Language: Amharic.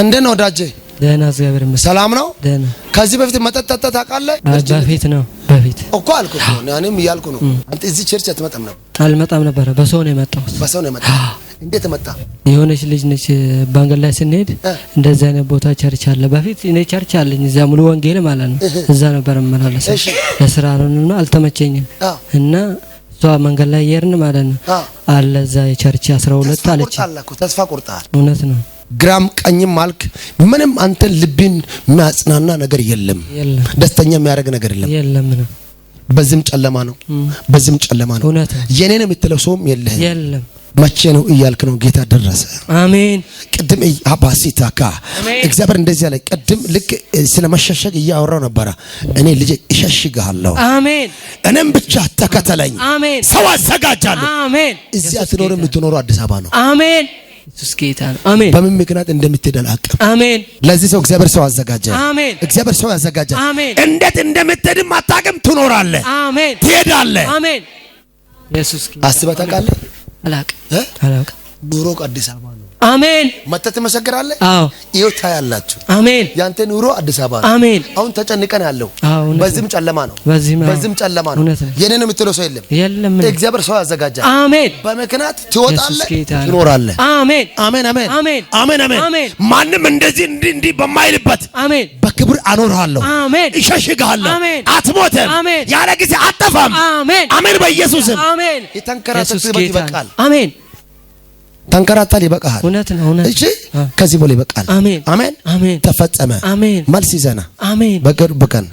እንደ ነው ዳጄ ደህና እግዚአብሔር ይመስገን። ሰላም ነው። ደህና ከዚህ በፊት መጠጥ ጠጥተህ ታውቃለህ? በፊት ነው በፊት እኮ አልኩ ነው። እኔም እያልኩ ነው። አንተ እዚህ ቸርች አትመጣም ነበር? አልመጣም ነበር። በሰው ነው የመጣሁት። በሰው ነው የመጣሁት። እንዴት መጣ? የሆነች ልጅ ነች። ባንገል ላይ ስንሄድ እንደዚህ አይነት ቦታ ቸርች አለ። በፊት እኔ ቸርች አለኝ እዛ ሙሉ ወንጌል ማለት ነው። እዛ ነበር እመላለሰው። ለስራ ነውና አልተመቸኝም እና እሷ መንገድ ላይ እየሄድን ማለት ነው አለ እዛ የቸርች 12 አለች። ተስፋ ቆርጣል። እውነት ነው ግራም ቀኝም አልክ፣ ምንም አንተ ልብን የሚያጽናና ነገር የለም። ደስተኛ የሚያደርግ ነገር የለም። በዚህም ጨለማ ነው፣ በዚህም ጨለማ ነው። የኔን የምትለው ሰውም የለህም። መቼ ነው እያልክ ነው። ጌታ ደረሰ። አሜን። ቅድም አባሲታካ እግዚአብሔር እንደዚህ ያለ ቅድም ልክ ስለ መሸሸግ እያወራው ነበረ። እኔ ልጅ እሸሽግሃለሁ፣ አሜን። እኔም ብቻ ተከተለኝ፣ አሜን። ሰው አዘጋጃለሁ፣ አሜን። እዚህ አትኖር፣ የምትኖሩ አዲስ አበባ ነው፣ አሜን። አሜን። በምን ምክንያት እንደምትሄድ አላውቅም። አሜን። ለዚህ ሰው እግዚአብሔር ሰው አዘጋጀ። አሜን። እግዚአብሔር ሰው ያዘጋጀ። አሜን። እንዴት እንደምትሄድም አታውቅም። ትኖራለህ። አሜን። ትሄዳለህ። አሜን። ኢየሱስ አስበህ ታውቃለህ? አላውቅም። አላውቅም። ኑሮህ አዲስ አበባ ነው። አሜን። መተት ትመሰክራለህ። አዎ ይኸው ታያላችሁ። አሜን። ያንተ ኑሮ አዲስ አበባ ነው። አሜን። አሁን ተጨንቀን ያለው በዚህም ጨለማ ነው፣ በዚህም ጨለማ ነው። የኔን የምትለው ሰው የለም፣ የለም። እግዚአብሔር ሰው ያዘጋጃል። አሜን። በምክንያት ትወጣለህ፣ ትኖራለህ። አሜን፣ አሜን፣ አሜን፣ አሜን፣ አሜን። ማንም እንደዚህ እንዲህ በማይልበት አሜን። በክብር አኖርሃለሁ፣ አሜን። እሸሽግሃለሁ፣ አትሞትም፣ ያለ ጊዜ አጠፋም። አሜን፣ አሜን። በኢየሱስም አሜን። የተንከራተት ይበቃል። አሜን ተንከራታል። ይበቃሃል። እውነት ነው። እውነት እሺ፣ ከዚህ በኋላ ይበቃል። አሜን፣ አሜን፣ አሜን። ተፈጸመ። አሜን። መልስ ይዘና አሜን። በቀን